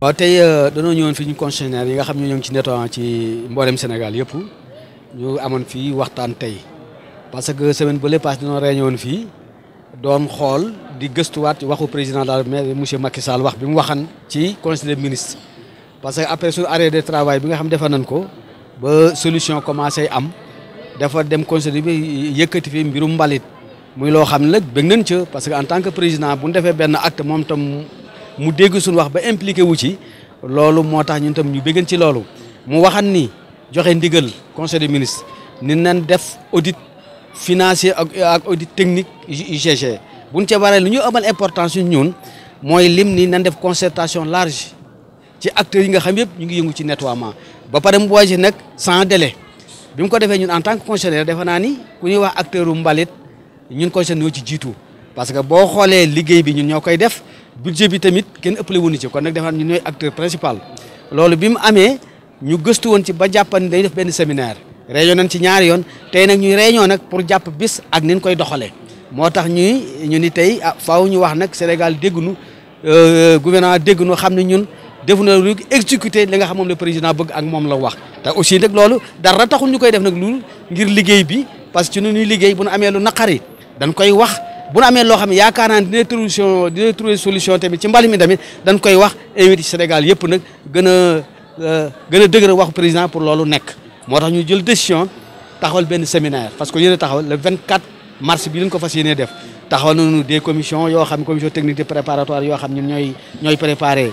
waaw tey euh, dañoo ñëwoon fi ñu concessionnaire yi nga xam ne ñoo ngi ci Nettoyant ci mboolem Sénégal yëpp ñu amoon fii waxtaan tey parce que semaine bu lay passé dañoo réunion fii doon xool di gëstuwaat waxu président daal mais monsieur Macky Sall wax bi mu waxan ci conseil des parce que après sur arrêt de travail bi nga xam defar nañ ko ba solution commencé am dafa dem conseil bi yëkkati fi mbirum mbalit. muy loo xam ne nag bëgg nañ ca parce que en tant que président bu ñu defee benn acte moom tam mu dégg suñu wax ba impliqué wu ci loolu moo tax ñun tam ñu bëggan ci loolu mu waxan ni joxe ndigal conseil des ministres ni nan def audit financier ak ak audit technique UGG buñ ca waree lu ñu amal importance suñ ñun mooy lim ni nan def concertation large ci acteurs yi nga xam yëpp ñu ngi yëngu ci nettoiement ba pare mu boole si nag sans délai bi mu ko defee ñun en tant que conseiller defe naa ni ku ñuy wax acteur mbalit ñun conseil ñoo ci jiitu parce que boo xoolee liggéey bi ñun ñoo koy def budget bi tamit kenn ëppale wuñu ci kon nag defaat ñun ñooy acteur principal. loolu bi mu amee ñu gëstu woon ci ba jàppan day def benn séminaire réunion nañ ci ñaari yoon tey nag ñuy réunion nag pour jàpp bis ak nin koy doxalee moo tax ñuy ñu ni tey ah faaw ñu wax nag Sénégal déggnu euh, gouvernement déggnu xam ne ñun defu na lu exécuté li nga xam moom le président bëgg ak moom la wax te aussi nag loolu dara taxul ñu koy def nag lu ngir liggéey bi parce que ci nu ñuy liggéey bu nu amee lu naqari dañ koy wax bu nu amee loo xam ne yaakaar naa ne dina solution dina trouver solution tamit ci mbali mi tamit dañ koy wax invité Sénégal yëpp nag gën a euh, gën a dëgër waxu président pour loolu nekk moo tax ñu jël décision taxawal benn séminaire parce que yéen a taxawal le 24 mars bi lañ ko fas yéenee def taxawal nañu des commissions yoo xam commission technique de préparatoire yoo xam ñun ñooy ñooy préparé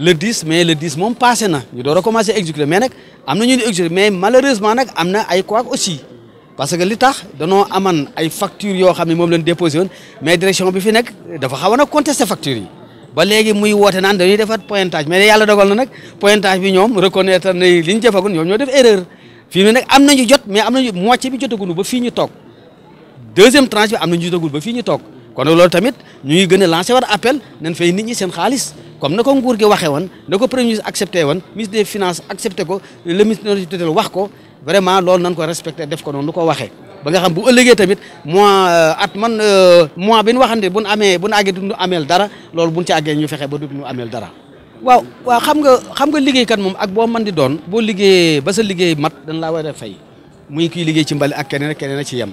le 10 mais le 10 moom passé na ñu door a commencé exécuter mais nag am na ñu di exécuter mais malheureusement nag am na ay couac aussi parce que li tax danoo aman ay factures yoo xam ne moom leen déposé woon mais direction bi fi nekk dafa xaw a nag contesté factures yi ba léegi muy woote naan dañuy defat pointage mais yàlla dogal na nag pointage bi ñoom reconnaître na li ñu jëfagul ñoom ñoo def erreur fii nii nag am nañu jot mais am nañu moitié bi jotagunu ba fii ñu toog deuxième tranche bi am nañu jotagul ba fii ñu toog kon nag loolu tamit ñuy ngi gën a lancé war appel nañ fay nit ñi seen xaalis comme na ko nguur gi waxee woon na ko premier ministre accepté woon ministre des finances accepté ko le ministre du wax ko vraiment lool nañ ko respecté def ko noonu lu ko waxee ba nga xam bu ëllëgee tamit mois euh, at man euh, mois bi ñu waxante bu amee bu nu àggee du ameel dara loolu bu ñu ci àggee ñu fexe ba du ñu ameel dara. waaw waaw xam nga xam nga liggéeykat moom ak boo mën di doon. boo liggéeyee ba sa liggéey mat dañ laa war a fay muy kii liggéey ci mbali ak keneen ak keneen a ci yem.